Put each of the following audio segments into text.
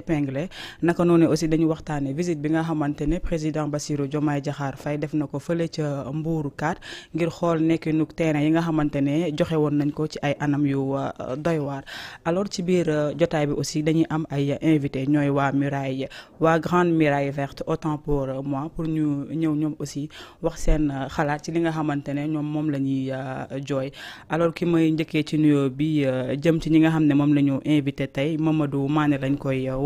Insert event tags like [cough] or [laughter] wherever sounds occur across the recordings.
épinglé naka noonu aussi dañu waxtaane visite bi nga xamante ne président Bassirou Diomaye Diakhar fay def na ko fële ca Mbour 4 ngir xool nekkinu terrain yi nga xamante ne joxe woon nañ ko ci ay anam yu euh, doy waar alors ci biir euh, jotaay bi aussi dañuy am ay invité ñooy waa muraille waa grande muraille verte autant pour euh, moi pour ñu ñëw ñoom aussi wax seen xalaat ci li nga xamante ne ñoom moom la ñuy jooy alors ki may njëkkee ci nuyoo bi jëm ci ñi nga xam ne mo la ñu tey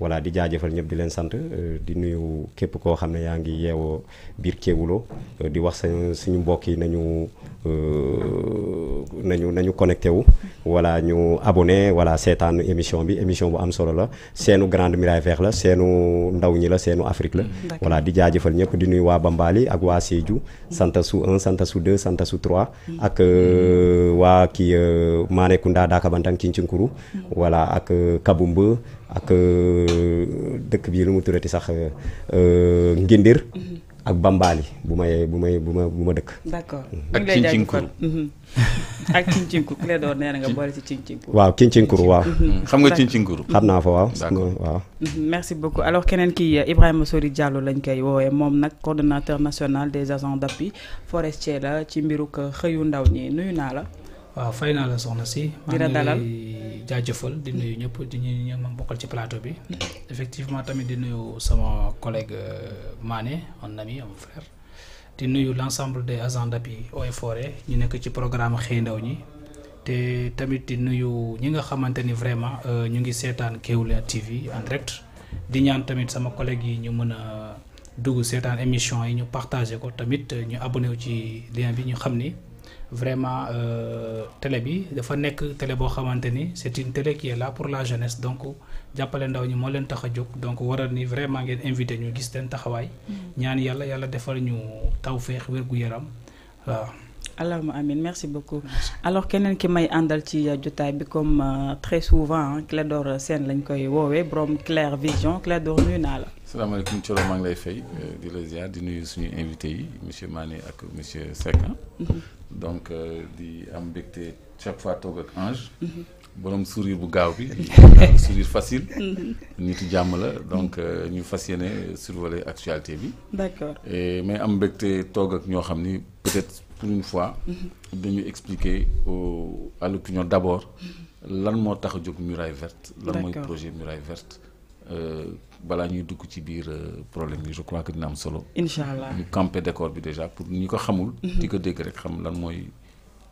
wala di jaajeufal ñep di leen sante euh, di nuyu kep ko xamne yaangi yaa bir kewulo euh, di wax suñu mbokk yi nañu euh, nañu nañu connecté wu wala ñu abonné wala sétane émission bi émission bu am solo la senu grande mirai verte la senu ndaw ñi la senu Afrique la wala di jaajeufal ñep di nuyu wa Bambali ak wa Sédhiou sant sou 1 sant sou 2 sant sou 3 ak wa ki Mané Kounda Dakabantang Cincinkuru wala mm. ak Kabumba ak dëkk bi lu mu turati sax euh, Ngindir. Mhm. ak Bambali bu may bu may bu ma bu ma dëkk. d'accord mm. ak Cincinkuru mhm. [laughs] ak Cincinkuru ku doon nee na nga boole ci Cincinkuru. waaw Cincinkuru waaw. Mm. xam nga Cincinkuru. xam naa fa waaw. d'accord mm, waaw. Mhm. merci beaucoup alors keneen kii euh, Ibrahima Sori Diallo lañ koy woowee moom nag coordonnateur national des agents d'appui forestier la ci mbiru xëyu ndaw ñi nuyu naa la waaw fay naa la soxna si. di la dalal maa ngi jaajëfal di nuyu ñëpp di ñu ñoom ma bokkal ci plateau bi. Mm. effectivement tamit di nuyu sama collègue euh, Mané on ami on frère. di nuyu l' ensemble des agents d'API Eaux et Forêts ñu nekk ci programme xëy ndaw ñi. te tamit di nuyu ñi nga xamante ni vraiment euh, ñu ngi seetaan Kewel TV en direct. di ñaan tamit sama collègue yi ñu mën a dugg seetaan émission yi ñu partagé ko tamit euh, ñu abonné ci lien bi ñu xam ni vraiment euh, télé bi dafa nek télé bo xamanteni c'est une télé qui est là pour la jeunesse donc jàppale ndaw ñi mo leen tax a donc waral ni vraiment ngeen invité ñu gis leen taxaway mm-hmm. ñaan yalla yalla defal ñu tawfiq wér-gu-yaram waaw. allahuma amin merci beaucoup alors kenen ki may andal ci euh, jotay bi comme euh, très souvent hein, Clédor Sène lañ koy wowe brom Clair Vision Clédor d'or naa la. salam Thioro maa mang lay fay di la ziar di nuyu suñu invité yi monsieur Mané ak monsieur Seck. Hein. Mm-hmm donc euh, di am chaque fois ak Ange. Mhm. sourire bu [laughs] sourire facile. Mhm. donc euh, ñu fas sur survoler actualité d'accord mais am ak peut-être pour une fois. Mhm. dañu expliquer à l'opinion d'abord. lan mo tax muraille verte. lan projet muraille verte. Euh, bala ñuy dugg ci biir euh, problème yi je crois que dina am solo. inshallah ñu campé décor bi déjà pour ñi ko xamul. Mm-hmm. di ko dégg rek xam lan mooy.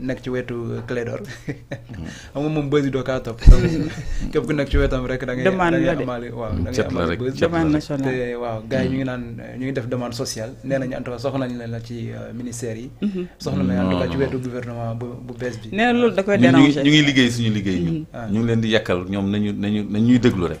nekk ci wetu euh, Clédor mm. xam nga moom buzz yi doo kaa topp [laughs] donc nekk ci wetam rek da ngay da ngay amaale waaw da ngay amaale buzz demande te waaw gars yi mm. ñu ngi naan ñu ngi def demande sociale nee nañu en tout cas soxla nañ leen la ci euh, ministère yi mm-hmm. soxla nañ en tout cas ci mm. wetu gouvernement bu bu bees bi nee na loolu da koy déranger ñu ngi liggéey suñu liggéey mm-hmm. ah. ñu ñu leen di yàkkal ñoom nañu nañu nañuy déglu rek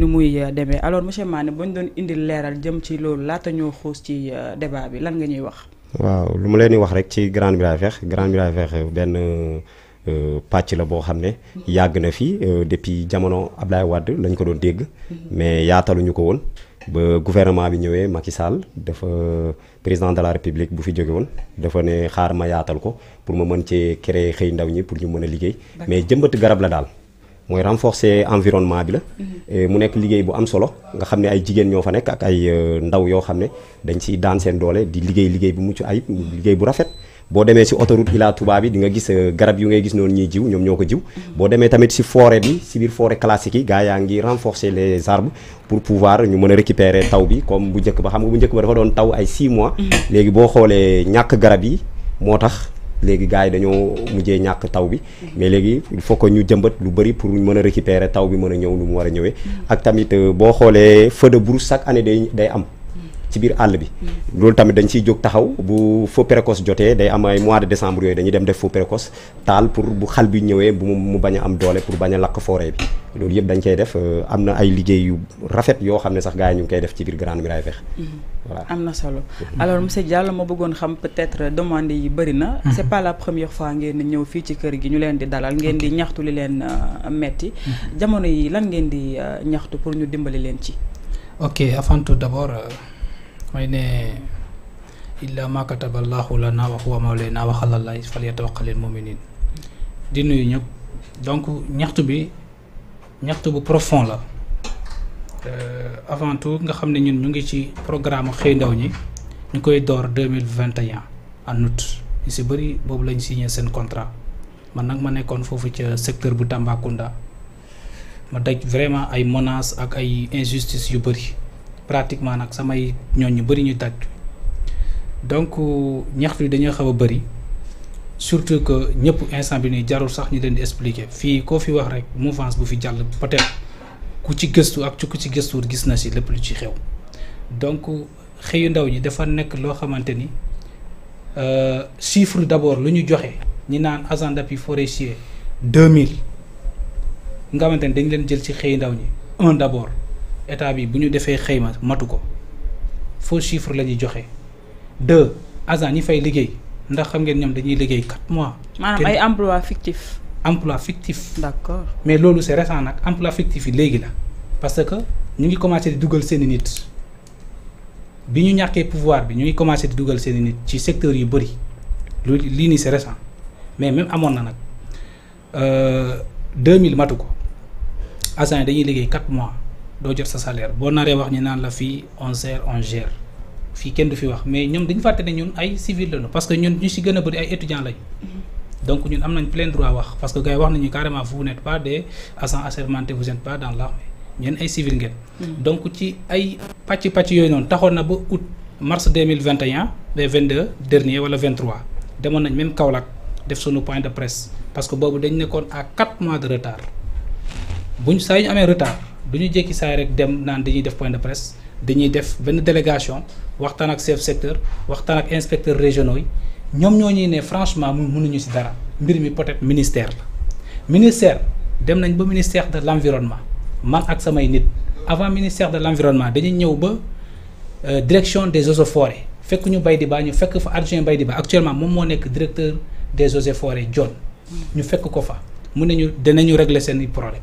nu muy euh, demee alors monsieur Mané ba ñu doon indil leeral jëm ci loolu laata ñoo xuus ci euh, débat bi lan nga ñuy wax. waaw lu ma leen di wax rek ci Grande Muraille Verte Grande Muraille Verte euh, benn. pàcc la boo xam ne yàgg na fi depuis jamono Ablaye Wade lañ ko doon dégg mhm. mais yaataluñu ko woon ba gouvernement bi ñëwee Macky Sall dafa président de la république bu fi jóge dafa ne xaar ma yaatal ko pour ma mën cee créer xëy ndaw ñi pour ñu mën a liggéey mais jëmbat garab la daal moy renforcer environnement bi la. Mhm. mu nek liguey bu am solo nga xamné ay jigéen fa ak ay euh, ndaw yo xamné dañ ci ils doole di liguey liguey bu muccu ayib liguey bu rafet. bo démé ci autoroute Ila Touba bi di nga gis euh, garab yu ngay gis non ñi jiw jiw mhm. tamit si forêt bi ci forêt classique renforcer les arbres pour pouvoir ñu mëna récupérer taw bi comme bu jëk ba xam nga bu à ba dafa doon taw ay 6 mois mhm. légui bo xolé ñak garab yi léegi gars yi dañoo mujjee ñàkk taw bi mais léegi il faut que ñu jëmbat lu bari pour mën a récupérer taw bi mën a ñëw lu mu war a ñëwee ak tamit euh, boo xoolee feu de brousse chaque année day day am ci biir àll bi loolu tamit dañ ciy taxaw bu feu précoce jotee day am ay mois de décembre yooyu dañuy dem def précoce pour bu xal bi bu mu bañ am doole pour bañ a lakk bi yëpp dañ def euh, amna ay liggéey yu rafet yoo xam sax ñu koy def ci biir Grande Muraille Verte mm-hmm. voilà am solo alors monsieur Diallo ma bëggoon xam peut-être demande yi na mm-hmm. c'est pas la première fois ngeen ñëw fii ci kër gi ñu leen di dalal ngeen di ñaxtu li leen euh, metti mm-hmm. jamono yi lan ngeen di euh, ñaxtu pour ñu dimbali leen ci ok avant tout d'abord Maine, illa ma kataballahu lana wa huwa mawlana wa ala allahi falyatawakkalul mu'minun di nuyu ñep donc ñaxtu bi ñaxtu bu profond la euh avant tout nga xamne ñun ñu ngi ci programme xey ndaw ñi ñukoy dor 2021 en août ñu ci bari bobu lañ signé sen contrat man nak ma nekkon fofu ci secteur bu Tambacounda ma daj vraiment ay menaces ak ay injustices yu bari pratiquement nak samay ñu ñu des donc ñax fi dañu des bari. surtout que ñepp instant bi avons jarul sax ñu nous di expliquer fi ko fi wax rek mouvance bu fi jall peut-être ku ci ak ci lu ci xew donc xeyu ndaw ñi euh, d'abord lu ñu joxe 2000 nga jël ci un d'abord état bi bu faux chiffre deux fay ndax xam ngeen dañuy 4 mois. manam ay emploi fictif. emploi fictif. d'accord mais lolu c'est récent nak emploi fictif yi parce que ñu ngi commencé di duggal seen nit bi ñu pouvoir bi ñu ngi commencé di duggal seen nit ci secteur yu bëri lii c'est récent mais même amon na euh 2000 Matuko. dañuy liggéey 4 mois doo jot sa salaire bo naré wax ni naan la fi on gère on gère fi kenn du fi wax mais ñom dañu faté né ñun ay civil lañu parce que ñun ñu ci gëna a bëri ay étudiants lañ. Mm-hmm. donc ñun am nañ plein droit wax parce que gay wax nañu carrément vous n'êtes pas des agents assermentés vous n'êtes pas dans l'armée ñen ay civil ngeen. Mm-hmm. donc ci ay pàcc pàcc yoy non taxon na ba août mars 2021 mille ba dernier wala 23 demon nañ même Kaolack def sunu point de presse parce que bobu dañ nekkoon à quatre mois de retard buñ saa yu ñu retard du ñu jékki saay rek dem dañuy def point de presse dañuy def benn délégation waxtaan ak chef secteur waxtaan ak inspecteur régionaux yi ñoom ñoo ñuy franchement mu mënuñu ci dara mbir mi peut-être ministère ministère dem nañ ba ministère de l'environnement man ak samay nit avant ministère de l'environnement dañuy ñëw ba euh, direction des eaux et forêts fekk ñu bay di fait que fekk fa adjoint bay ba actuellement moom moo nekk directeur des eaux et forêts John ñu fekk ko fa mu ne régler seen i problème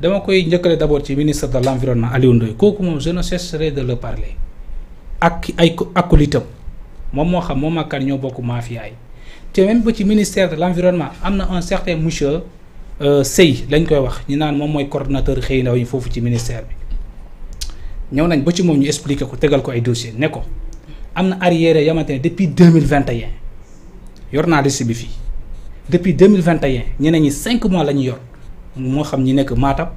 dama koy njëkkale d' abord ci ministre de l' environnement Aliou Ndoye kooku moom je ne cesserai de le parler ak ay acolytam moom moo xam moom ak kan ñoo bokk mafia yi te même ba ci ministère de l' environnement am na un certain monsieur euh, Sey lañ koy wax ñu naan moom mooy coordonnateur xëy ndaw yi foofu ci ministère bi ñëw nañ ba ci moom ñu expliqué ko tegal ko ay dossier ne ko am na arriéré yamante ne depuis deux mille vingt un yor naa liste bi fii depuis deux mille vingt ñeneen ñi cinq mois la ñu yor. moo xam ñi nekk Matam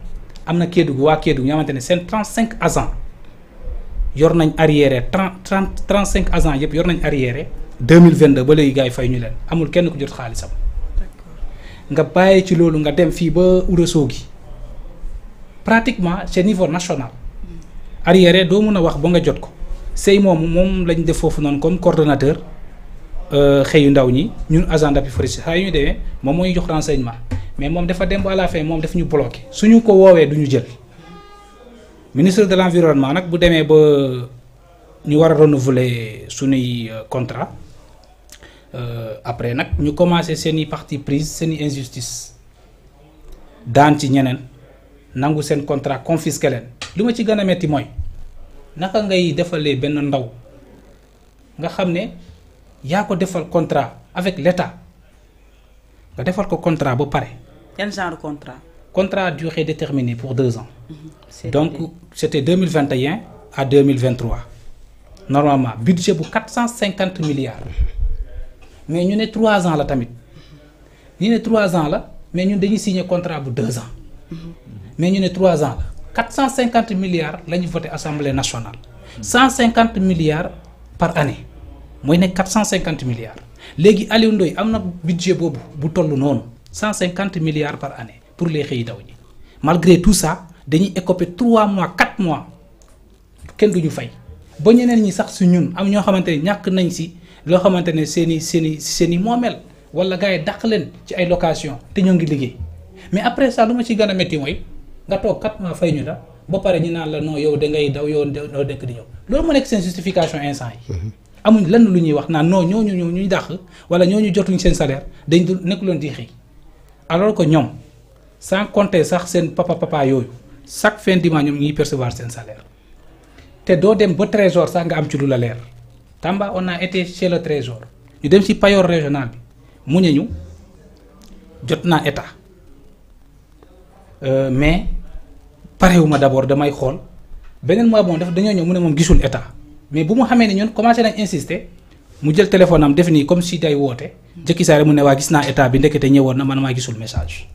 am na Kédougou waa Kédougou ñoo xamante ne seen trente cinq agents yor nañ arriéré trente trente trente cinq agents yëpp yor nañ arriéré deux mille vingt deux ba léegi gars yi fay ñu leen amul kenn ku jot xaalisam. nga bàyyi ci loolu nga dem fii ba gi pratiquement c'est niveau national. Hmm. arriéré doo mun a wax ba nga jot ko sey moomu moom lañu def foofu noonu comme coordonnateur. Euh, xëyu ndaw ñi ñun agent d'appui forestier saa ñu demee moom moo ñu jox renseignement mais moom dafa dem ba à fin moom daf ñu bloqué suñu ko woowee du ñu jël ministre de l'environnement nag bu demee ba ñu war a renouveler suñuy euh, contrat euh, après nag ñu commencé seeni parti prise seeni injustice daan ci ñeneen nangu seen contrat confisqué leen li ma ci gën a metti mooy naka ngay defalee benn ndaw nga xam ne Il a ko defal contrat avec l'État nga defal ko contrat ba pare. quel genre de contrat. contrat à durée déterminée pour deux ans. Mhm, donc c'était 2021 à 2023 normalement budget pour 450 milliards mais nous sommes trois ans là tamit Nous sommes trois ans là... mais avons signé signer contrat pour deux ans mhm. mais nous sommes trois ans là... 450 milliards nous avons voté assemblée nationale. 150 milliards par année. Il y milliards Légui Aliou Ndoye amna budget bobu bu milliards par année pour les malgré tout ça dañuy écoper 3 mois 4 mois kenn duñu fay ba ñeneen ñi sax su ñun am ñoo ñak nañ si lo xamante seni seni seni momel wala gaay nous ci ay location mais après ça lu ma ci fait metti mois, mooy nga toog 4 mois fay ñu fait ba pare ñu naan la non yow da ngay daw di justification instant mm-hmm. amuñ lenn lu ñuy wax naa naan non ñu ñoo ñuy dàq wala ñu jotuñ seen salaire dañ du nekk di xëy alors que ñoom sans compter sax seen papa papa yooyu chaque fin du mois ñoom ñuy percevoir seen salaire te doo dem ba trésor sax nga am ci lu la leer Tamba on a été chez le trésor ñu dem si payor régional bi mu ne ñu jot naa état euh, mais parewuma d'abord damay xool beneen mois moom def dañoo ñëw mu ne moom gisul état mais bu mu xamee ne ñun commencé nañ insister mu jël téléphone am def nii comme si day woote jëkki saa mu ne waa gis naa état bi ndekete ñëwoon na man maa gisul message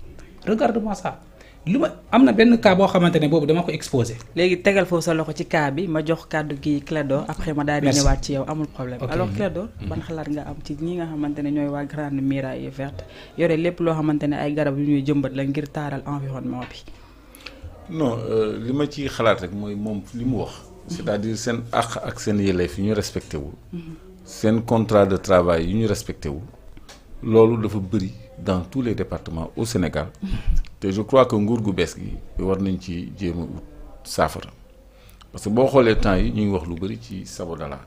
regarde-moi ça lu ma am na benn cas boo xamante ne boobu dama ko exposé. léegi tegal foofu sa loxo ci cas bi ma jox kàddu gi Clédor après ma daal di ñëwaat ci yow amul problème. alors Clédor ban xalaat nga am ci ñi nga xamante ne ñooy waa grande muraille verte yore lépp loo xamante ne ay garab yu ñuy jëmbat la ngir taaral environnement bi. non euh, li ma ci xalaat rek mooy moom li mu wax c'est-à-dire sen ak ak sen yelef ñu respecté wu sen contrat de travail yu ñu respecté wu lolu dafa bëri dans tous les départements au Sénégal te je crois que nguur gu bees gi war nañ ci jéem a parce que bo xolé temps yi ñu wax lu bëri ci Sabodala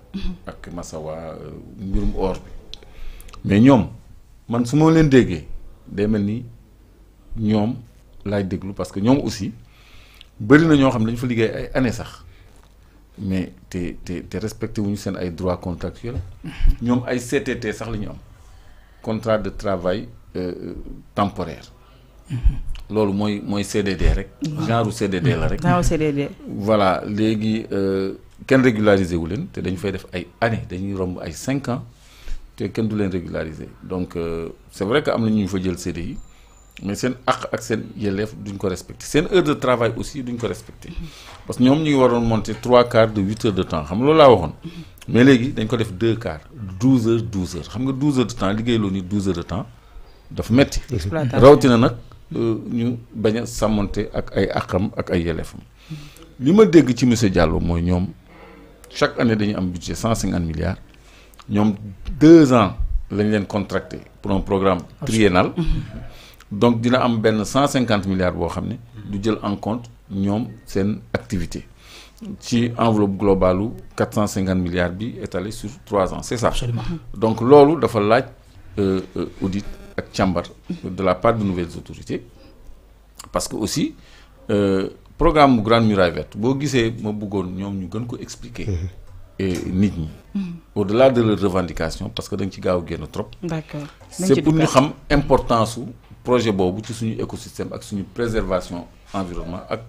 ak Massawa euh, mbirum or bi mais ñom man suma leen déggee day melni ñom lay déglu parce que ñom aussi bëri na ño xam ne dañu fa liggéey ay années sax mais té té té respecté wuñu sen ay droits contractuels ñom ay CTT sax li ñom contrat de travail euh, euh, temporaire lolu moy moy CDD rek genre CDD la rek CDD voilà les euh, ken régulariser wu len té dañ fay def ay années dañuy romb ay 5 ans té ken du len régulariser donc c'est vrai que amna ñu fa jël CDI mais sen àq ak sen yelef duñ ko respecté sen heure de travail aussi duñ ko respecté parce que ñoom ñu waroon monter trois quarts de huit heures de temps xam nga loolu laa waxoon mais léegi dañ ko def deux quarts douze heures douze heures xam nga douze heures de temps liggéey loo ni douze heures de temps daf metti rawatina nag euh, ñu bañ a sàmmonte ak ay àqam ak ay yelleefam li ma dégg ci monsieur Diallo mooy ñoom chaque année dañuy am budget cent cinquante milliards ñoom deux ans lañ leen contracté pour un programme triennal donc dina am benn cent cinquante milliards boo xam ne du jël en compte ñom seen activité ci enveloppe globale 450 milliards bi étalé sur 3 ans c'est ça Absolument. donc lolu dafa laaj euh, euh, audit ak chamber de la part de nouvelles autorités parce que aussi euh, programme Grand Grande Muraille Verte boo gisee ma bëggoon ñom ñu gën ko expliquer mm-hmm. nit ñi mm-hmm. au-delà de leurs revendications parce que da nga ci gaaw génn trop d'accord c'est pour ñu xam importance projet bobu ci suñu écosystème ak suñu préservation environnement ak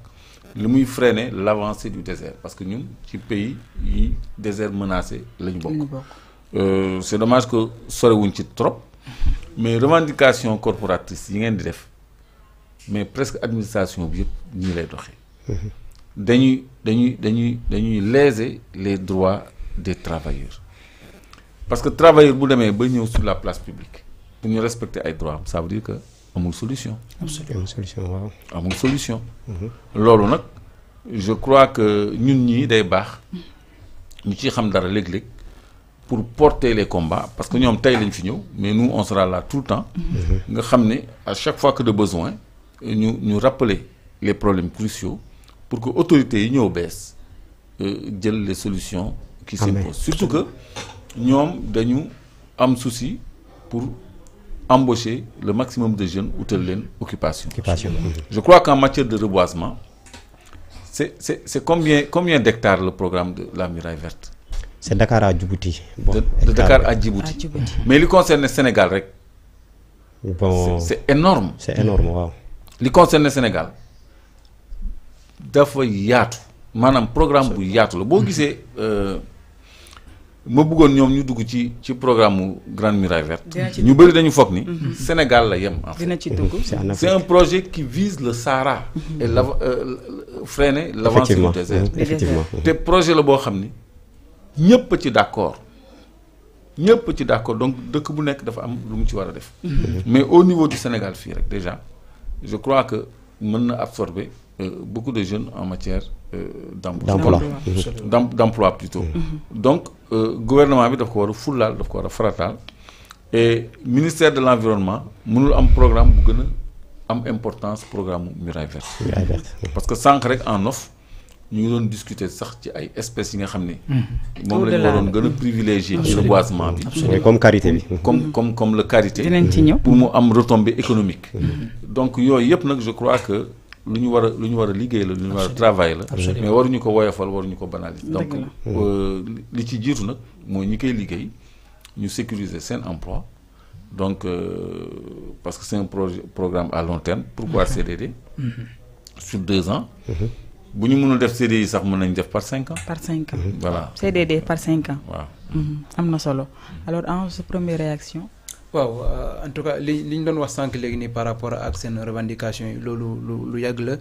le muy freiner l'avancée du désert parce que nous ci pays yi désert menacé lañu euh C'est dommage que ce ci trop mais revendication corporatrice yi ngeen di def mais presque administration bi yëpp Nous lay doxee. Mhm. dañuy dañuy dañuy dañuy les droits des travailleurs parce que travailleurs, bu démé ba ñëw sur la place publique pour ñu respecter ay droits ça veut dire que amul solution. amul solution waaw. solution. Mhm. loolu je crois que ñun ñii day baax ñu ci xam dara pour porter les combats parce que ñoom tey lañ fi ñëw mais nous on sera là tout le temps. Mhm. nga xam à chaque fois que de besoin ñu ñu rappeler les problèmes cruciaux pour que autorités yi ñëw bees euh, jël les solutions. qui s'imposent surtout que ñoom dañu am souci pour embaucher le maximum de jeunes ou de occupation. Je crois qu'en matière de reboisement, c'est combien, combien d'hectares le programme de la muraille verte C'est Dakar à Djibouti. Dakar à Djibouti. Mais lui concerne le Sénégal, bon, c'est énorme. C'est énorme, wow. Lui concerne le Sénégal. Il faut Manam programme pour Le Beau ma bëggoon ñoom ñu dugg ci ci programme Grande Muraille Verte. ñu bëri dañu foog ni. Mhm. Sénégal la yem. dina ci dugg c'est un projet qui vise le Sahara. Mhm. et la euh, freiner l'avancée du désert. Mhm. effectivement te projet la boo xam ni ñëpp ci d'accord ñëpp ci d'accord donc dëkk bu nekk dafa am lu mu ci war a def. mais au niveau du Sénégal fii rek déjà je crois que mën na absorber. Euh, beaucoup de jeunes en matière euh, d'emploi d'emploi plutôt mm-hmm. donc euh, gouvernement bi daf a fait un ko fratal. et ministère de l'environnement mënul un programme bu a importance programme muraille verte parce que sans rek en offre, nous allons discuter de ci ay espèces yi nga xam ne mm-hmm. moom lañu waroon le a comme la bi comme mm-hmm. comme comme le carité, Il y a pour retombée économique donc a yep, je crois que lu ñu war a lu ñu war a liggéey la lu ñu war a travail la mais waruñu ko woyofal waruñu ko banaliser donc euh, li ci jiitu nag mooy ñi koy liggéey ñu sécuriser seen emploi donc euh, parce que c'est un programme à long terme pourquoi CDD mm-hmm. sur deux ans mm-hmm. bu ñu mënul def CDI sax mën nañ def par 5 ans. par 5 ans voilà CDD par 5 ans. waaw mm-hmm. am na solo alors en sa première réaction waaw euh, en tout cas li li doon wax sànq léegi nii par rapport ak seen revendication yi loolu lu lu yàgg la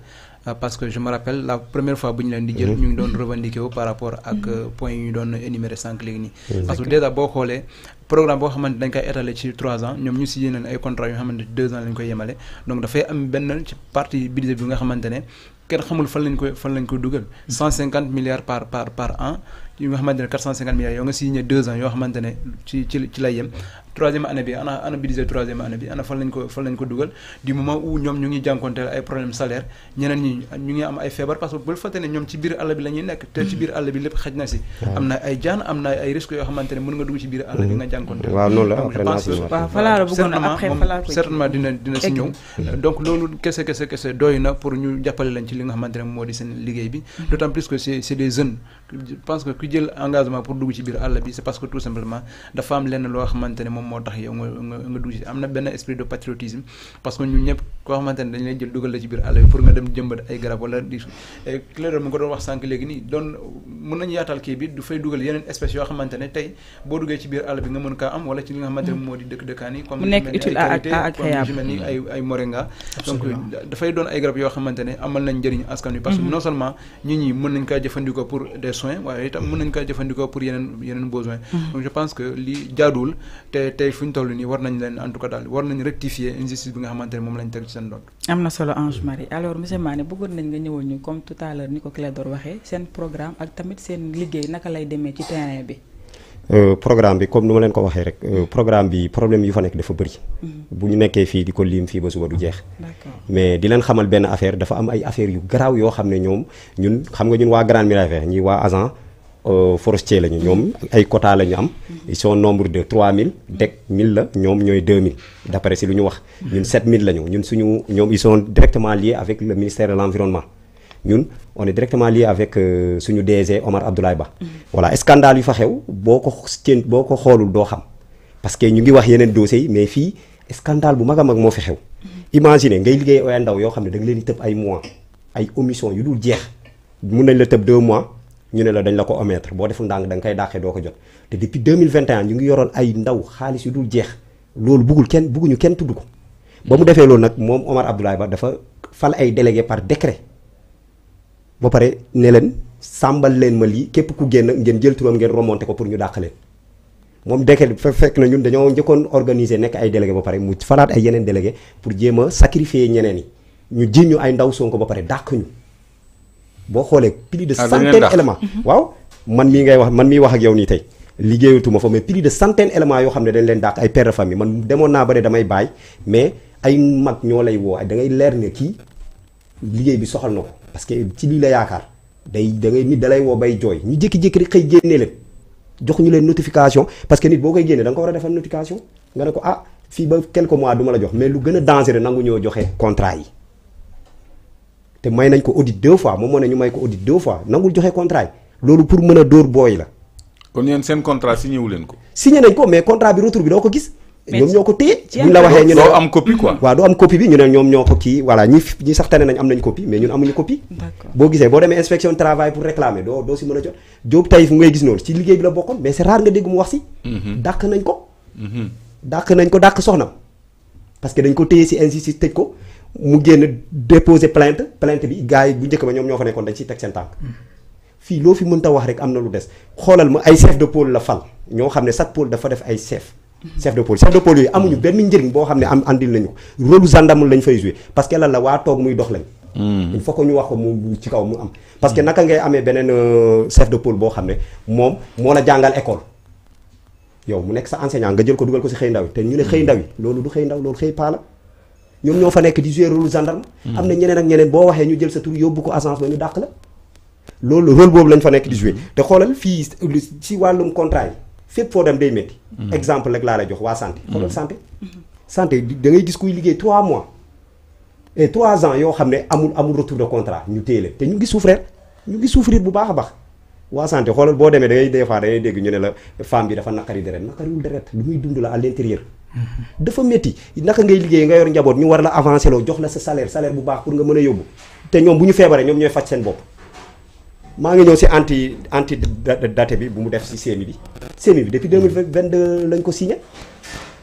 euh, parce que je me rappelle la première fois bu ñu leen di jël mhm. ñu ngi doon revendiquer par rapport ak euh, point yi ñu doon énuméré sànq léegi nii mhm. parce que déjà boo xoolee programme boo xamante dañ koy étaler ci 3 ans ñoom ñu signé nañ ay contrat yu xamante 2 ans lañ koy yemale donc dafay am benn ci partie budget bi nga xamante ne kenn xamul fan lañ koy fan lañ koy dugal 150 milliards par par par an yi nga xamante ne 450 milliards yoo nga signé 2 ans yoo xamante ne ci ci ci lay yem troisième année bi ana ana budget troisième année bi ana fan lañ ko fan lañ ko dugal du moment où ñom ñu ngi jànkonteel ay problème salaire ñeneen ñi ñu ngi am ay fièvre parce que bul fàtte ne ñom ci biir Allah bi lañuy ñuy nekk te ci biir Allah bi lepp xaj na si am ay jaan amna ay risque yo xamantene ne mën nga dugg ci biir Allah bi nga mm-hmm. jànkonteel wa loolu la je pense que certainement certainement dina dina si ñëw donc loolu kese kese kese doy na pour ñu jappalé lañ ci li nga xamantene ne moo di seen liggéey bi mm-hmm. d'autant plus que c'est c'est des jeunes je pense que ku jël engagement pour dugg ci biir Allah bi c'est parce que tout simplement dafa am lenn loo xamantene moom moo tax yow nga nga nga dugg ci am na benn esprit de patriotisme parce que ñun ñëpp koo xamante dañ lay jël dugal la ci biir àll bi pour nga dem jëmbat ay garab wala di clédor mu ko doon wax sànq léegi nii doon mën nañu yaatal am wala ci li nga xamante mm. moo di dëkk dëkkaan comme ci ay moringa donc dafay doon ay garab yoo xamante amal nañ njëriñ askan parce que mm-hmm. non seulement nit ñi mën nañ kaa jëfandikoo pour des soins waaye itam mën nañ kaa te tey fu ñu toll nii war nañ leen en tout cas daal war nañ rectifier injustice bi nga xamante ne moom lañ teg ci seen doon. am na solo Ange Marie alors monsieur Mané bëggoon nañ nga ñëwal ñu comme tout ni ko Clédor waxee seen programme ak tamit seen liggéey naka lay demee ci terrain bi. Euh, programme bi comme nu ma leen ko waxee rek euh, mm-hmm. programme bi problème yu fa nekk dafa bëri. Mm-hmm. bu ñu nekkee fii di ko liim fii ba suba du jeex. mais di leen xamal benn affaire dafa am ay affaires yu garaaw yoo xam ne ñoom ñun xam nga ñun waa Grande Miraille ñi Euh, forestier lañu ñom ay quota la ñu am ils sont nombre de 3000 DEC 1000 la ñom ñoy 2000 d'après si lu ñu wax ñun 7000 la ñu ñun suñu ñom ils sont directement liés avec le ministère de l'environnement ñun on est directement lié avec euh, suñu DG Omar Abdoulaye Ba voilà scandale yu fa xew boko ko ceen boo xam parce que ñu ngi wax yenen dossier mais fi scandale bu mag a mag moo fi xew imagine ngay liggéey ay ndaw yo xam ne da nga leen di ay mois ay omission yu dul jeex mun nañ la tëb 2 mois ñu ne la dañ la ko omettre bo deful ndang dang kay daxé do ko jot té depuis 2021 ñu ngi yoron ay ndaw xaaliss yu dul jeex loolu bugul kenn buguñu kenn tudd ko ba mu défé lool nak mom Omar Abdoulaye Ba dafa fal ay délégué par décret ba paré né len sambal len ma li képp ku génn ngeen jël turam ngeen remonté ko pour ñu dàq mom moom décret bi fekk na ñun dañoo jëkkon organiser nek ay délégué ba paré mu falat ay yenen délégué pour jéem sacrifier ñeneen ñu jinnu ay ndaw Sonko ba paré dakk ñu bo xolé plus de ah, centaine éléments mhm. waaw man mi ngay wax man mi wax ak yow ni tay liggéeyatuma fa mais plus de centaine éléments yo xamné dañ leen dakk ay père de famille man demone na ba ne damay bay mais ay mag ñoo lay woo da ngay leer né ki liggéey bi soxal na parce que ci li la yaakaar day da ngay nit dalay wo bay joy ñu jékki-jékki rek xëy génnee leen jox ñu leen notification parce que nit bokay koy génnee da nga ko defal notification nga ne ko ah fi ba quelques mois duma la jox mais lu gën a dangereux nangu ñoo joxe contrat yi te may nañ ko audit deux fois moom moo ne ñu may ko audit deux fois nangul joxe contrat yi loolu pour mën a dóor booy la. kon yéen seen contrat signé wu leen ko. si nañ ko mais contrat bi retour bi doo ko gis. ñoom ñoo ko téye la waxee ñu ne am copie quoi. ñoo ko kii voilà ñi ñi sax tane nañ am nañ boo gisee boo demee inspection travail pour réclamer doo si mën a jot. Diop Taïf ngay gis noonu ci liggéey bi la bokkoon mais c'est rare nga dégg mu wax si. Mhm. dàq nañ ko. Mhm. dàq nañ ko dàq soxnam parce que dañ ko téye si injustice tëj ko mu génn déposer plainte plainte bi gars yi bu njëkk ba ñoom ñoo fa nekkoon dañ ciy teg seen tànk. Mm-hmm. fii loo fi wax rek am na lu des xoolal ma ay chef de pôle la fal ñoo xam ne chaque pôle dafa def ay chef mm-hmm. chef de pôle chef de pôle yooyu amuñu mm-hmm. benn njëriñ boo xam ne am andil nañu ko rôle gendarme lañ fay joué parce que lan la waa toog muy dox lañ. Mm. il faut que ñu wax ko mu ci kaw mu am. parce que mm. naka ngay amee beneen euh, chef de pôle boo xam ne moom moo la jàngal école. yow mu nekk sa enseignant nga jël ko dugal ko si xëy ndaw yi te ñu ne xëy ndaw yi loolu du xëy ndaw loolu xëy paala ñoom ñoo fa nekk di jouer rôle gendarme. Hmm. amna ñeneen ak ñeneen bo waxe ñu jël sa tour yobbu ko agence ba ñu dakk la. lolu rôle bobu lañ fa nek di jouer te xolal fi ci walum contrat yi fépp foo dem day metti hmm. exemple rek la lay jox wa santé. Hmm. xoolal santé. santé da ngay gis kuy liggéey 3 mois et 3 ans yo xamné amul amul retour de contrat ñu téye leen te ñu ngi souffrir ñu ngi souffrir bu baax baax. waa santé xoolal boo demee da ngay des dégg ñu ne la femme bi dafa naqari deret naqariwul deret lu muy dund la à l'intérieur mm-hmm. dafa métti naka ngay liggéey nga yor njaboot ñu war la avancé loo jox la sa salaire salaire bu baax pour nga mën a yóbbu te ñoom bu ñu feebaree ñoom ñooy faj seen bopp maa ngi ñëw si anti anti date bi bu mu def si CMU bi CMU bi depuis de lañ ko signé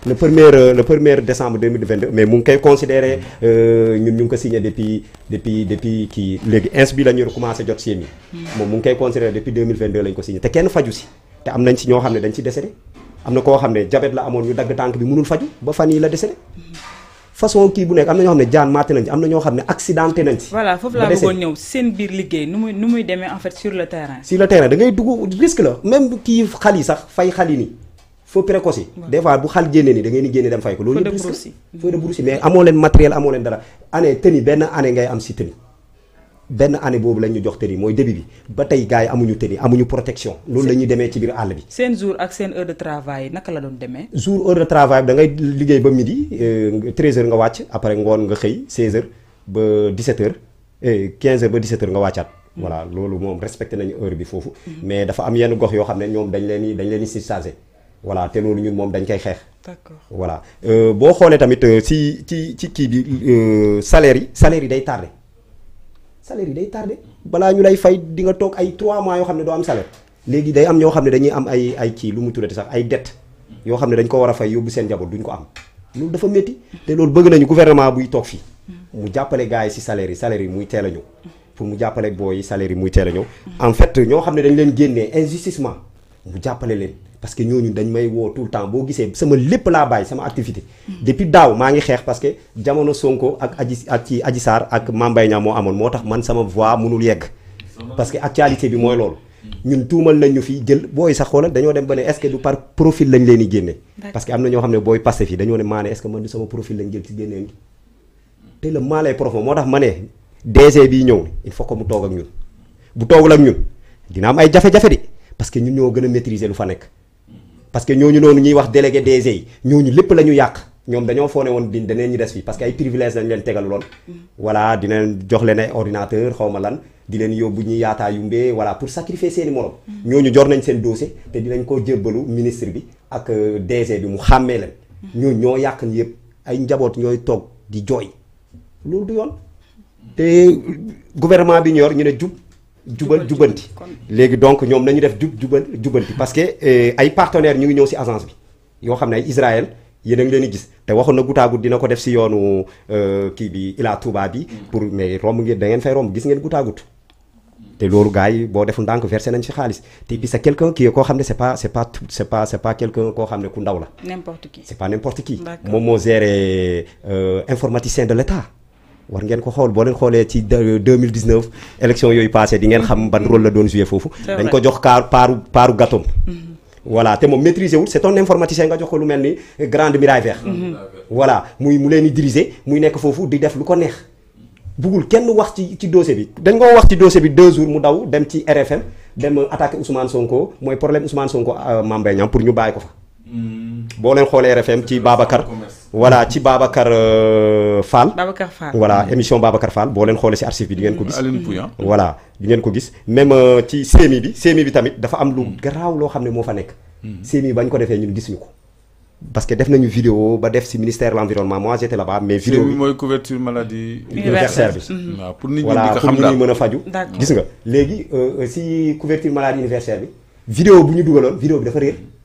le premier euh, le premier décembre 2022 mais mon cas considéré euh, ñun ñu ko signé depuis depuis depuis qui léegi ins bi la ñu commencé jot séem yi hmm. moom considéré depuis 2022 la ko signé te kenn faju si te am nañ si ñoo xam dañ si décédé am na koo xam ne jabet la amoon ñu dagg tànk bi mënul faju ba fani yi la décédé hmm. façon kii bu nekk am na ñoo xam ne jaan maate nañ ci am na ñoo accidenté nañ ci. voilà foofu laa bëggoon ñëw seen biir liggéey nu muy nu muy en fait sur le terrain. sur le terrain da ngay dugg risque la même qui xal yi sax fay xal faux précoce yi des fois bu xal génne ni da ngeen di génne dem fay ko loolu yëpp risque feu de mm. brousse mais amoo leen matériel amoo leen dara année tenue benn année ngay am si tenue benn année boobu lañ ñu jox tenue mooy début bi ba tey gars yi amuñu tenue amuñu protection loolu la demee ci biir àll bi seen jour ak seen heure de travail naka la doon demee jour heure de travail bi da ngay liggéey ba midi 13 euh, heures nga wàcc après ngoon nga xëy 16 heures ba 17 heures 15 euh, heures ba 17 heures nga wàccaat mm. voilà loolu foofu mm. mais am yenn gox yoo xam ne ñoom dañ leen dañ leen di voilà té loolu ñun moom dañ koy xeex. d'accord voilà euh, bo xolé tamit si euh, ci ci ki bi euh salaire yi salaire yi day tardé salaire yi day tardé bala ñu lay fay di nga tok ay 3 mois yo xamné do am salaire légui day am ño xamné dañuy am ay ay kii lu mu tuddati sax ay dette yo xamné dañ ko wara fay yobu seen jabot duñ ko am loolu dafa metti té loolu bëgg nañu gouvernement buy tok fi mu jappalé gaay ci salaire yi salaire yi muy teel a pour mu jàppale booy salaire yi muy teel a en fait ño xamné dañ leen génné injustement mu jappalé leen parce que nous dañ may wo tout le temps bo gisé sama lepp la bàyyi sama activité. depuis daw ma ngi xex parce que jamono Sonko ak aji ci Adji sar ak mambay Mbaye Niang moo amoon man sama voix mënul yegg. parce que actualité bi moy lool ñun tuumal nañ fi jël boy sax xol dañu dem bané est-ce que du par profil lañ leen di parce que amna ño xamné boy passé fi dañu ne mané est-ce que man du sama profil lañ jël ci génneen té le malay profond moo tax ma DG il faut ko mu toog ak ñun bu toogul ak ñun dina am ay jafé jafé de parce que ñun ñoo gëna maîtriser lu fa nek parce que ñooñu noonu ñuy wax délégué DG yi ñooñu lépp la ñu yàq ñoom dañoo foone woon di daneen ñu des fii parce que ay privilège lañ leen tegaloon mm-hmm. voilà dinañ jox leen ay ordinateur xaw ma lan di leen yóbbu ñuy yaataa yumbee voilà pour sacrifier seen i mm-hmm. ñoo ñu jor nañ seen dossier te dinañ ko jébbalu ministre bi ak euh, DG bi mu xàmmee leen mm-hmm. ñu ñoo yàq ni yëpp ay njaboot ñooy toog di jooy loolu du yoon te gouvernement bi ñu yor ñu ne jub jubal jubanti léegi donc ñom nañu def jub jubal parce que eh, ay partenaires ñu ngi ñëw ci agence bi yo xamné Israël yéen a ngi leen di gis te waxoon na gutaagut dina ko def ci yoonu euh, ki bi Ila Touba bi pour mais romb ngeen da ngeen fay rom gis ngeen gutaagut te loolu gars yi boo def ndànk versé nañ ci xaalis té bi sa quelqu'un qui ko xamné c'est pas c'est pas c'est pas c'est pas quelqu'un ko xamné ku ndaw la n'importe qui c'est pas n'importe qui moom moo euh informaticien de l'État war ngeen ko xool boo leen xoolee ci 2019 élection yooyu passé di ngeen xam ban rôle la doon joué foofu dañ ko jox kaar paaru paaru gàttom mm-hmm. voilà te moom maîtriser wul c'est un informaticien nga jox ko lu mel ni grande muraille vert mm-hmm. voilà muy mu leen di diriger muy nekk foofu di def lu ko neex bugul kenn wax ci ci dossier bi dañ koo wax ci dossier bi deux jours mu daw dem ci RFM dem attaquer Ousmane Sonko mooy problème Ousmane Sonko euh, Mame Mbaye Niang pour ñu bàyyi ko fa Mm. bo len xolé RFM ci Babacar. voilà ci Babacar euh, Fall. Babacar Fall voilà émission Babacar Fall bo len xolé ci archive bi di ngeen ko gis. voilà di ngeen ko gis même euh, ci semi bi semi bi tamit dafa am lu mm. graw lo xamné mo moo fa nekk. Mm. sémi bañ ko défé ñun gis ñuko parce que def nañu vidéo ba def ci ministère de l'environnement moi j'étais là-bas mais vidéo bi mooy couverture maladie universelle bi mm-hmm. pour nit ñi mën faju gis nga légui si euh, couverture maladie universelle bi vidéo bu ñu vidéo bi dafa réel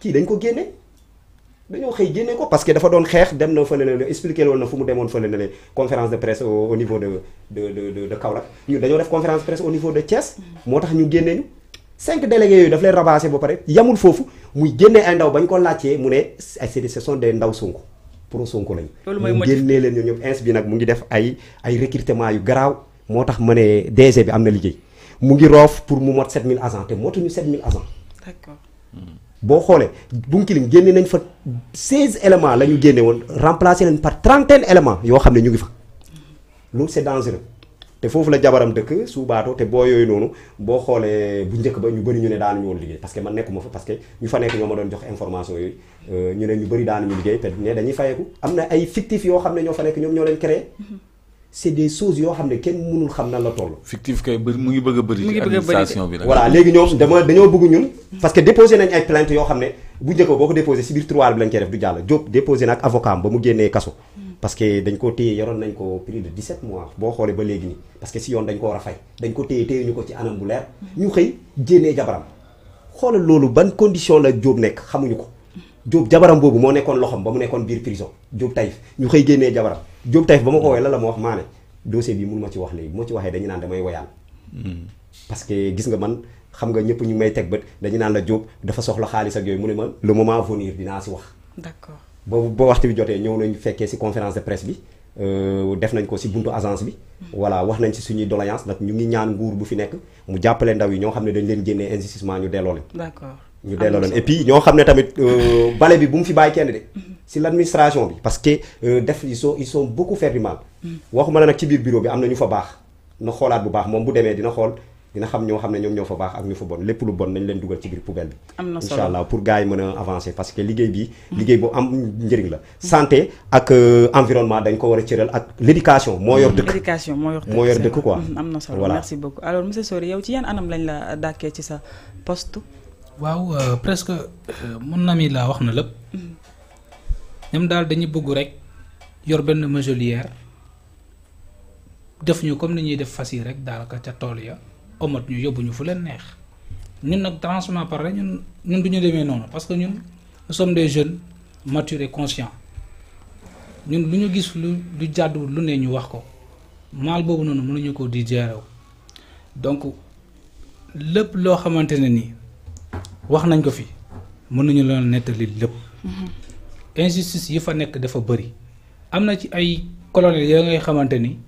kii dañ ko génne dañoo xëy génne ko parce que dafa doon xeex dem na fële na expliqué loolu na fu mu demoon fële na conférence de presse au niveau de de de de Kaolack ñu dañoo def conférence de presse au niveau de Thiès. moo tax ñu génne ñu cinq délégués yooyu daf leen rabassé ba pare yamul foofu muy génne ay ndaw bañ ko laajtee mu ne ay ce sont des ndaw Sonko pro Sonko lañu. loolu mooy mu génnee leen ñoom ñëpp ins bi nag mu ngi def ay ay recrutement yu garaaw moo tax ma ne DG bi am na liggéey mu ngi roof pour mu mot 7000 agents te motuñu 7000 agents. d'accord. Hmm. boo xoolee Bounkiling génne nañ fa 16 éléments la ñu génne woon remplacé nañ par trentaine éléments yoo xam ne ñu ngi fa loolu c'est dangereux te foofu la jabaram dëkk suubaato te boo yooyu noonu boo xoolee bu njëkk ba ñu bëri ñu ne daanuñu woon liggéey parce que man nekkuma fa parce que ñu fa nekk ñoo ma doon jox information yooyu euh, ñu ne ñu bëri daanuñu liggéey te ne dañuy fayeku am na ay fictifs yoo xam ne ñoo fa nekk ñoom ñoo leen créé mm-hmm. c'est des choses yo xamné ne kenn mënul xam la toll. fictif kay mu ngi bëgg bëri. voilà légui ñoom dama dañoo bëgg ñun. parce que déposé nañ ay plainte yo xamné bu njëkk boko ko déposé si biir tiroir bi lañ koy def du jall déposé nak avocat ba mu génné kasso parce que dañ ko téye yaron nañ ko plus de 17 mois bo xolé ba légui ni parce que si yoon dañ ko war fay dañ ko téye téye ñuko ci anam bu leer. ñu xey génnee jabaram xoolal lolu ban condition la job nek xamuñu ko. job jabaram bobu mo nekkon loxam ba mu nekkoon biir prison job Taïf ñu xey gene jabaram job Taïf ba ma ko woowee la la mo wax mané dossier bi mun ma ci wax léegi mo ci waxe dañu naan damay woyaan parce que gis nga man xam nga ñepp ñu may tek bët dañu naan la job dafa soxla xaliss ak yoy mu ne ma le moment venir dina ci wax d'accord boobu ba waxti bi joté ñew nañu fekkee ci conférence de presse bi euh def nañ ko ci buntu agence bi voilà wax nañ ci suñu doléance nak ñu ngi ñaan nguur bu fi nekk mu jappalé ndaw yi ñoo xamné dañ leen génnee insistement ñu délolé d'accord ñu delloo leen et puis ñoo xam ne tamit euh, bale bi bu mu fi bàyyi kenn de si l' administration bi parce que euh, def ils sont ils sont beaucoup fait du mal mm. waxuma la nag ci biir bureau bi am na ñu fa baax na xoolaat bu baax moom bu demee dina xool dina xam ñoo xam ne ñoom ñoo fa baax ak ñu fa bon lépp lu bon nañ leen dugal ci biir poubelle bi incha allah pour gars yi mën a avancer parce que liggéey bi mm. liggéey bu am njëriñ la santé ak euh, environnement dañ ko war a cëral ak l' éducation moo yor dëkk éducation moo yor dëkk moo yor dëkk quoi mm, am na solo merci beaucoup alors monsieur Sory yow ci yan anam lañ la dàkkee ci sa poste waaw euh, presque euh, mon ami mi laa wax na lépp ñoom daal dañu bëgg rek yor benn muselière def ñu comme ni ñuy def fas yi rek daalaka ca tool ya omat ñu yóbbu ñu fu leen neex ñun nag tranchement par ñun ñun du ñu demee noonu parce que ñun nous sommes des jeunes matures et conscients ñun lu ñu gis lu lu jàdduwul lu ne ñu wax ko mal boobu noonu mënuñu ko di gérer donc lépp loo xamante ne nii. wax nañ ko fi mën nañu la nettali lépp. Mm-hmm. injustice yi fa nekk dafa bëri. am na ci ay colonel yoo ngay xamante ni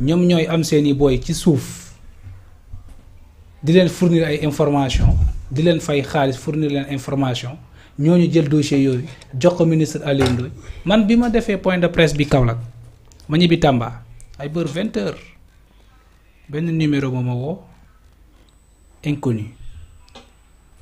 ñoom ñooy am seeni booy ci suuf di leen fournir ay information di leen fay xaalis fournir leen information ñoo ñu jël dossier yooyu jox ko ministre Alioune man bi ma defee point de presse bi Kaolack ma ñibbi Tamba ay bër vingt heures benn numéro ba ma woo inconnu.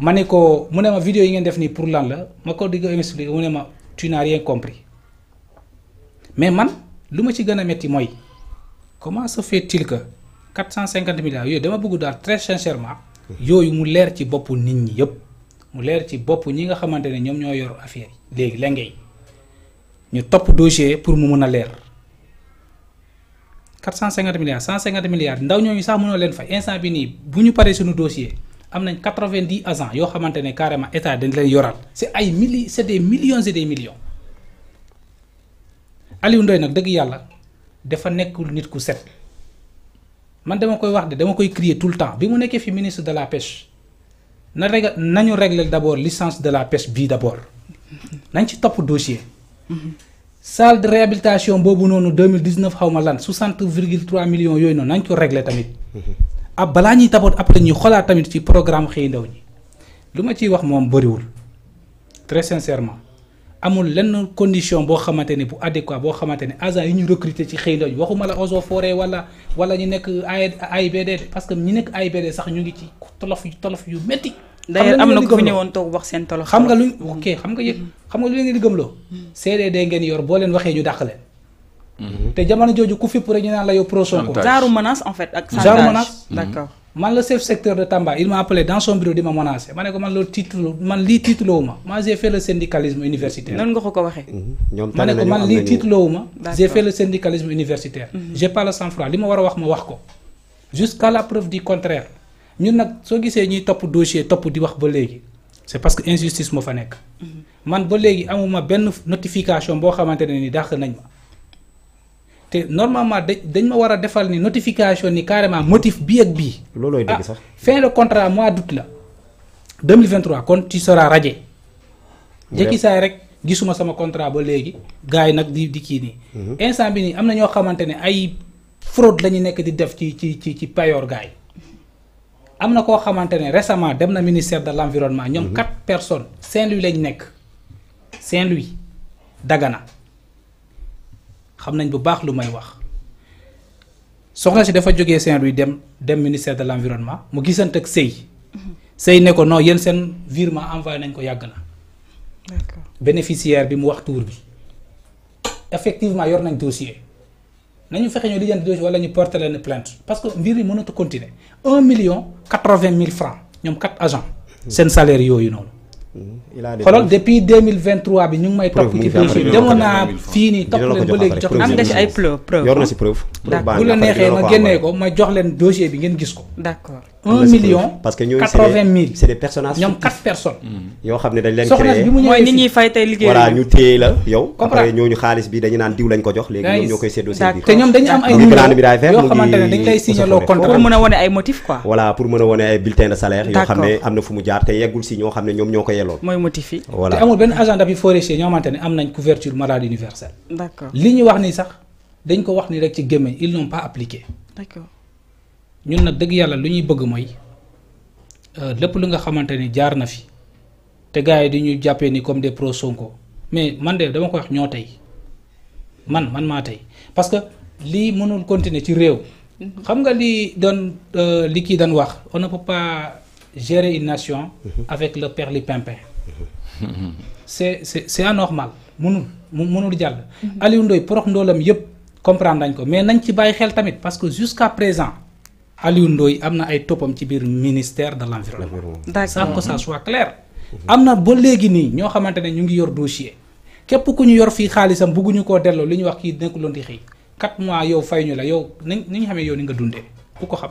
ma ne ko ma vidéo yi ngeen def ni pour lan la ma ko expliquer mu ma tu n'as rien compris mais man lu ma ci gëna metti moy comment se fait-il que 450 milliards yo dama bëgg dal très sincèrement. yooyu mu lèr ci bop nit ñi yëpp mu lèr ci bop ñi nga xamante ne ñoom ñoo yor affaire légui léegi ñu top dossier pour mu mëna lèr 450 milliards 150 milliards ndaw ñooñu sax mëno leen fay instant bi ni buñu paré suñu dossier am nañ quatre agents yoo xamante ne carrément état dañ leen yoral c'est ay milli c'est des millions et des millions Aliou ndoy nag dëgg yàlla dafa nekkul nit ku set man dama koy wax de dama koy crier tout le temps bi mu nekkee fi ministre de la pêche na reg nañu régler d'abord licence de la pêche bii d'abord nañ ci topp dossier salle de réhabilitation boobu noonu 2019 xaw ma lan 60 virgule 3 millions yooyu noonu nañ ko régler tamit ab balaa ñuy taboot après ñu xolaat tamit ci programme xëy ndaw ñi lu ma ciy wax moom bëriwul très sincèrement amul lenn condition boo xamante ne bu adéquat boo xamante ne agent yi ñu recruter ci xëy ndaw ñi waxuma la eaux et forêt wala wala ñu nekk AIBD parce que ñi nekk AIBD sax ñu ngi ci tolof tolof yu métti. d'ailleurs am na ku fi ñëwoon toog wax seen tolof. xam nga lu ok xam nga yëpp xam nga lu leen di gëmloo. CDD ngeen yor boo leen waxee ñu dàq leen. Mhm. té jamono joju ku fi rek ñu naan la yo pro Sonko. genre menace en fait ak. jaru menace mhm. d'accord man le chef secteur de Tamba il m'a appelé dans son bureau dima menacer mané ko man loolu titre man lii tiitloowu ma j'ai fait le syndicalisme universitaire. nan nga ko ko waxé mhm. ñoom ma ko man li tiitloowu ma. j'ai fait le syndicalisme universitaire. j'ai pas le sang-froid li ma war wax ma wax ko. jusqu'à la preuve du contraire ñun nak so gisee ñi top dossier top di wax ba légui c'est parce que injustice mo fa nek man ba légui amuma ben notification bo xamante ne ni dàq nañ ma te normalement dañ ma war defal notification ni carrément motif bi ak bii. dëgg ah, sax fin de contrat mois d'août 2023 tu seras radié. en saay rek gisuma sama contrat ba gars yi di di kii nii. Mhm. instant bi ñoo ay fraude la ñu nekk di def ci ci ci ci gars yi am récemment dem na ministère de l'environnement. ñoom mhm. quatre personnes Saint-Louis lañ nekk Saint-Louis Dagana xamnañ bu baax lu may wax soxna si dafa jógee Saint-Louis dem dem ministère de l'environnement mu gisant ak sëy mhm. sëy ne ko non yéen seen virement envoyé nañ ko yàgg na. d'accord bénéficiaire bi mu wax tour bi effectivement yor nañ dossier nañu fexe ñu lijjanti dossier wala ñu porter leen plainte parce que mbir yi mënatu continuer un million quatre-vingt mille francs ñoom quatre agents mhm. seen salaire yooyu noonu. Hmm. xoolal depuis 2023 bi ñu ngi may topp ci dossier bi demoon naa fii nii topp leen ba léegi jox am nga ci ay preuve yor la neexee ma génnee ko ma jox leen dossier bi ngeen gis ko d'accord 1 million parce que ñooñu quatre-vingt c'est des personnages ñoom quatre personnes mm. yoo xam ne dañ leen créé mooy nit ñi fay tay liggéey voilà ñu téye la yow après ñooñu xaalis bi dañu naan diw lañ ko jox léegi ñoom ñoo koy séddoo seen biir te ñoom dañu am ay numéro yoo xamante ne dañ lay signaloo contrat pour mën a wone ay motif quoi voilà pour mën a wone ay bulletin de salaire yoo xam ne am na fu mu jaar te yeggul si ñoo xam ne ñoom ñoo ko yelloon mooy motif yi voilà te amul benn agent d'appui forestier ñoo xamante ne am nañ couverture maladie universelle d'accord li ñu wax ni sax dañ ko wax ni rek ci gémmiñ ils n'ont pas appliqué d'accord nous, nag dëgg yàlla lu ñuy bëgg mooy euh, lépp lu nga ni jaar na fi di ni comme des pro mais man de dama ko wax man man maa tey parce que lii mënul continuer ci li doon euh, li kii on ne peut pas gérer une nation. Mhm. avec le père les [laughs] c'est c'est anormal mënul mënul jàll. Mhm. Aliou ndoy porox ndoolam yëpp comprendre mais nous ci bàyyi xel parce que jusqu'à présent. Aliou Ndoye am na ay toppam ci biir ministère de l'environnement ça que ça mm-hmm. soit clair am na ba léegi nii ñoo xamante ne ñu ngi yor dossier képp ku ñu yor fii xaalisam bëgguñu koo delloo li ñuy wax kii nekkuloon di xëy 4 mois yow fay ñu la yow ni ni ñu xamee yow ni nga dundee ku ko xam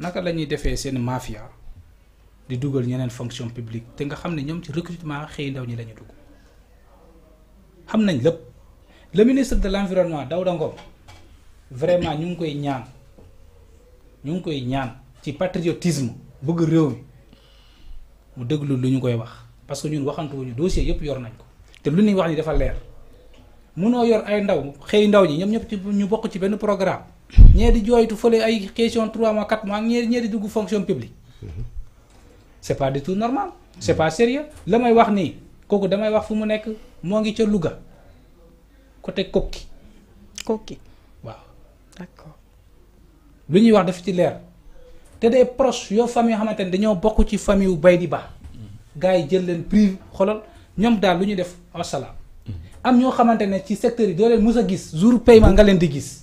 naka lañuy defee seen mafia di dugal ñeneen fonction publique te nga xam ne ñoom ci recrutement xëy ndaw ñi la dugg xam nañ lépp le ministre de l'environnement Daouda Ngom vraiment ñu ngi koy ñaan ñu ngi koy ñaan ci patriotisme bëgg réew mi mu déglu lu ñu koy wax parce que ñun waxantuwuñu dossier yëpp yor nañ ko te lu ñuy wax ni dafa leer mënoo yor ay ndaw xëy ndaw ñi ñoom ñëpp ci ñu bokk ci benn programme ñee di jooytu fële ay question trois mois quatre mois ñee ñee di dugg fonction publique c'est pas du tout normal c'est pas sérieux la may wax nii kooku damay wax fu mu nekk moo ngi ca Louga côté Kokki Kokki waaw d'accord lu ñuy wax daf ci leer te des proches yoo famille yoo xamante ne dañoo bokk ci famille wu bay di baax gars yi jël leen prive xolal ñoom daal lu ñu def wasalaam am ñoo xamante ne ci secteur yi doo leen mus a gis jour paiement nga leen di gis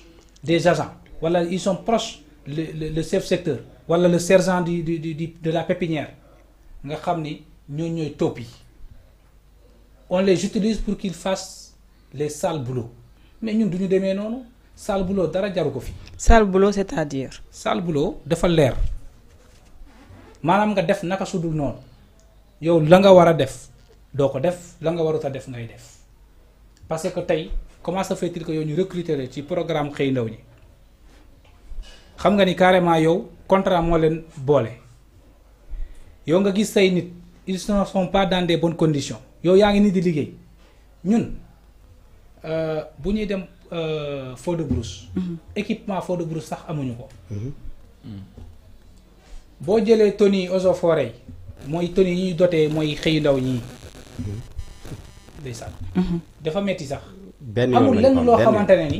des agents, voilà, ils sont proches le, chef secteur, voilà le sergent de la pépinière. Nga On les utilise pour qu'ils fassent les sales boulots. Mais nous, duñu démé Sale boulot dara boulot c'est-à-dire Sale boulot je Manam nga def naka def doo def la def def parce que comment ça fait-il que yow ñu recruter la ci programme xëy ndaw ñi xam nga ni carrément yow contrat moo leen boole yow nga gis say nit ils ne sont pas dans des bonnes conditions yow yaa ngi ni di liggéey ñun euh, bu ñuy dem feu de brousse. Mm-hmm. équipement feu de brousse sax amuñu ko. Mm-hmm. boo jëlee toni eaux et forêt mooy toni yi ñuy dotee mooy xëy ndaw ñii. Mm-hmm. ndeysaan. dafa metti sax. benn yoon amul lenn loo xamante ne ni.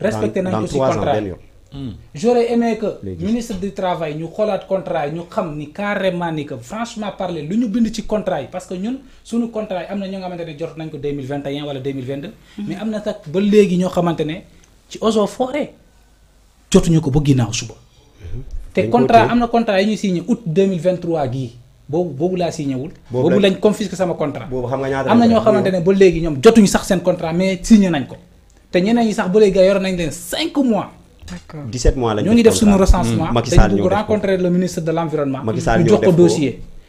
respecté nañ ko si contrat hmm. j'aurais aimé que ministre du travail ñu xoolaat contrat yi ñu xam ni carrément ni que franchement parler lu ñu bind ci contrat yi parce que ñun suñu contrat yi am na ñoo xamante ne jot nañ ko 2021 wala 2022 hmm. mais am na sax ba léegi ñoo xamante ne ci eaux et forêts jotuñu ko ba ginnaaw suba hmm. te contrat am na contrat yi ñu signé août gii boobu boobu laa signé wul. boobu lañ confisqué sama contrat. boobu xam nga ñaata am na ñoo xamante ne ba léegi ñoom jotuñu sax seen contrat mais signé nañ ko te ñeneen ñi sax ba léegi yor nañ leen 5 mois. d'accord 17 mois lañ ñu ngi def suñu recensement. Macky Sall rencontrer le ministre de l'environnement. Macky Sall ñoo def ko ñu jox ko dossier.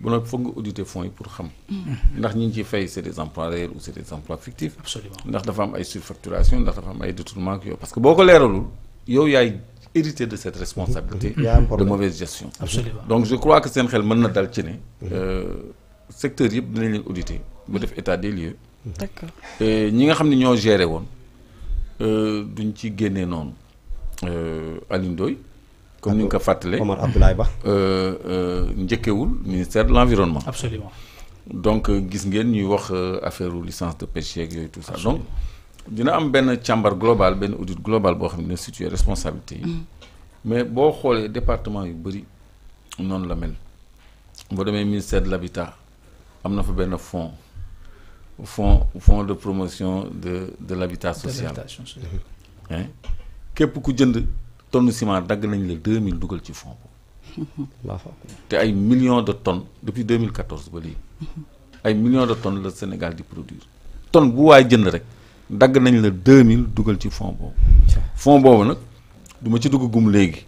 Il faut auditer les auditer fonds pour xam. ndax ñi ñu fay des emplois réels ou c'est des emplois fictifs. absolument ndax dafa am ay surfacturation ndax dafa am ay détournement parce que boo ko leeralul yow yaay hérité de cette responsabilité. de mauvaise gestion. donc je crois que c'est xel peu le dal ci euh, secteur yëpp dinañ audité, auditer. faut def état des lieux. D'accord. Et ñi nga xam gérer ñoo géré woon euh, duñ ci génnee noonu euh, comme ni nga ko fàttalee Omar euh, euh, ministère de l'environnement. absolument donc nous euh, avons ñuy wax affaire licence de pêche et tout ça. donc dina am une chambre globale, une audit global pour nous ne situer responsabilité mm. mais boo le département yu bëri non la mel. boo demee ministère de l'habitat am na fa benn fonds fonds fonds de promotion de de l'habitat social. Hein? képp ku jënd tonne ciment dag nañ la 2000 dougal ci fond boobu. te ay millions de tonnes depuis 2014 ba li ay millions de tonnes le Sénégal di produire tonne bu way jënd rek dag nañ la 2000 dougal ci fond bo fond bo nak duma ci dugg gum légui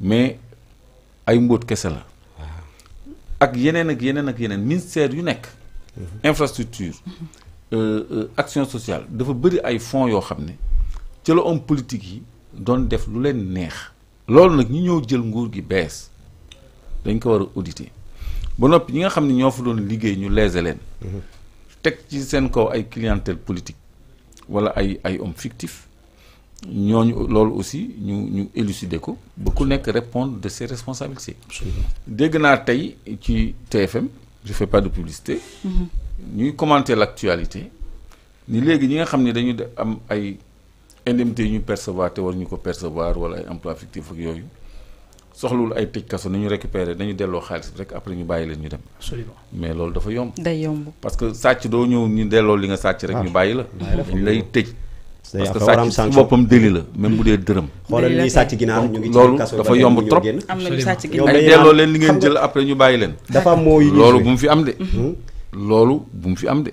mais ay mbóot kessa la. ak yenen ak yenen ak yenen ministère yu nek mhm. infrastructure. Euh, euh, action sociale dafa bëri ay fonds yo xamné ci la homme politique yi doon def lu leen neex loolu nag ñu ñëw jël nguur gi bees dañ ko war a auditer ba noppi ñi nga xam ne ñoo fa doon liggéey ñu léser leen mhm. teg ci seen kaw ay clientèle politique wala ay ay homme fictif ñooñu loolu aussi ñu ñu élucider ko ba ku nekk répondre de ses responsabilités dégg naa tey ci TFM je fais pas de publicité mhm. ñuy commenter l'actualité ni léegi ñi nga xam ne dañu am ay indemnité yi ñu percevoir te war ñu ko percevoir wala ay emploi fictif ak yooyu soxlul ay tëj kaso nañu récupérer nañu delloo xaalis rek après ñu bàyyi leen ñu dem. mais loolu dafa yomb. day que sàcc doo ñëw ñu li nga sàcc rek ñu ah. bàyyi la. dañ lay la même bu dee dërëm. xoolal ñuy sàcc ginaar ñu ngi loolu dafa yomb trop ay delloo leen li ngeen jël après ñu bàyyi leen. Hmm? loolu bu mu fi am de. loolu bu mu fi am de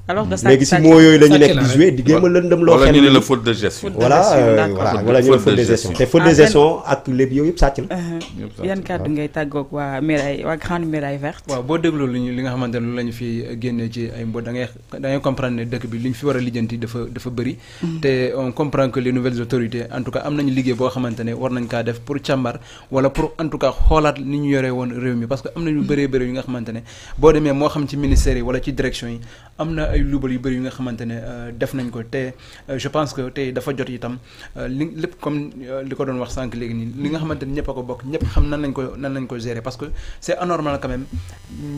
alors que léegi si moo yooyu la ñu nekk di joué di lëndëm loo xam ne la faute de gestion. voilà wala euh, ñu ne faute de gestion ah, ak lépp yow uh-huh. yëpp sàcc la. yan kàddu ngay tàggoog waa médaille waa boo dégloo li li nga xamante lu la fi génnee ci ay mboot da ngay da ngay comprendre ne dëkk bi li ñu fi war a lijjanti dafa dafa bëri. Mm-hmm. te on comprend que les nouvelles autorités en tout cas am nañu liggéey boo xamante war nañ kaa def pour càmbar wala pour en tout cas xoolaat ni ñu yore ay luubal yu bëri yu nga xamante ne euh, def nañ ko te euh, je pense que tey dafa jot itam euh, li lépp comme li ko doon wax sànq léegi nii li nga xamante ne ñëpp a ko bokk ñëpp xam nan lañ ko nan lañ ko gérer parce que c'est anormal quand même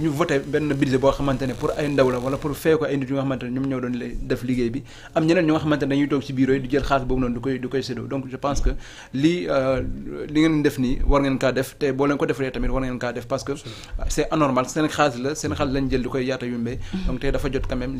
ñu voté benn budget boo xamante ne pour ay ndaw la wala pour fee ko ay nit yu nga xamante ne ñoom ñoo doon def liggéey bi am ñeneen ñu nga xamante ne dañuy toog ci bureau yi di jël xaalis boobu noonu du koy du koy séddoo donc je pense que li li ngeen def nii war ngeen kaa def te boo leen ko defalee tamit war ngeen kaa def parce que c'est anormal seen xaalis la seen xaalis lañ jël di koy yaata yumbee mm-hmm. donc tey dafa jot quand même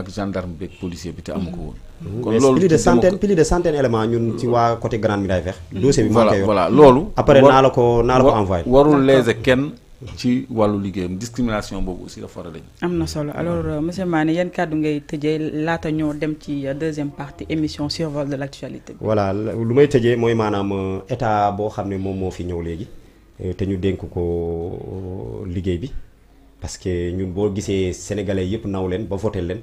ak gendarme beeg policier bi té amu ko woon. Mm-hmm. kon loolu plus de centaine plus de centaine éléments ñun ci mm-hmm. wa côté Grande Muraille Verte. dossier bi manqué yoon voilà loolu. après naa la ko naa la ko envoyer warul léser kenn. ci walu liggéeyam discrimination boobu aussi la war a am na solo alors euh, monsieur Mané yan kàddu ngay tëjee laata ñoo dem ci euh, deuxième partie émission survol de l' actualité. voilà lu may tëjee mooy maanaam euh, état boo xam ne moom moo fi ñëw léegi te ñu dénk ko liggéey bi parce que ñun boo gisee sénégalais yépp naw leen ba voté leen.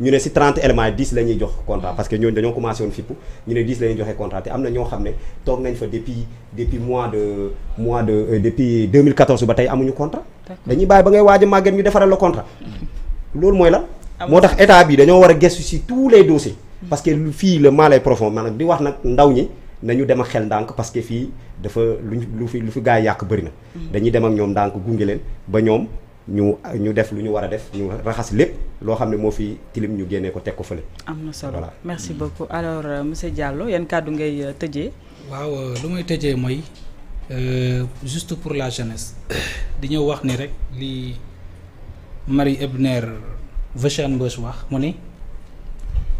ñu né ci 30 éléments 10 lañuy jox contrat parce que ñoo dañoo commencé won fippu ñu né 10 lañuy joxé contrat té amna ño xamné tok nañ fa depuis depuis mois de mois de euh, depuis 2014 ba tey amuñu contrat dañuy bay ba ngay waji a ñu défaral le contrat mm-hmm. lool moy lan motax état bi dañoo wara a ci tous les dossiers mm-hmm. parce que fi le mal est profond maanaam di wax nak ndaw ñi nañu dem xel dank parce que fi dafa luñ lu fi lu fi gaay yak bari na mm-hmm. dañuy dem ak ñom dank gungé len ba ñom ñu ñu def lu ñu wara def ñu raxass lepp lo xamné mo fi tilim ñu génnee ko teg ko fële. am solo merci beaucoup alors euh, monsieur Diallo yeen cadeau ngay teujé waaw euh, lu teujé moy euh juste pour la jeunesse [coughs] di ñëw wax ni rek li Marie Ebner Weissenbusch wax mu ni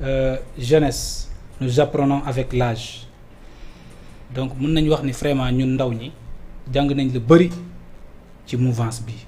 euh, jeunesse nous apprenons avec l'âge donc mën nañ wax ni vraiment ñun ndaw ñi jang nañ lu bëri ci mouvance bi.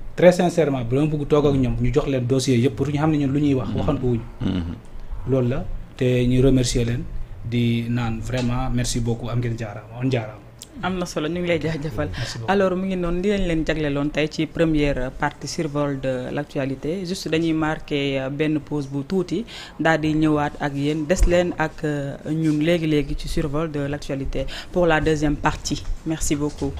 très sincèrement bi dama bëgg toog ak ñom ñu jox leen dossier yëpp pour ñu xam ne ñun lu ñuy wax mm-hmm. waxan ko wuñu mm-hmm. loolu la te ñu remercier leen di naan vraiment merci beaucoup am ngeen jaaraama on jaaraama am na solo ñu ngi lay jaajëfal alors mu ngi noonu di lañ leen jagleeloon tey ci première partie survol de l'actualité juste dañuy marqué euh, benn pause bu tuuti daal di ñëwaat ak yéen des leen ak euh, ñun léegi léegi ci survol de l'actualité pour la deuxième partie merci beaucoup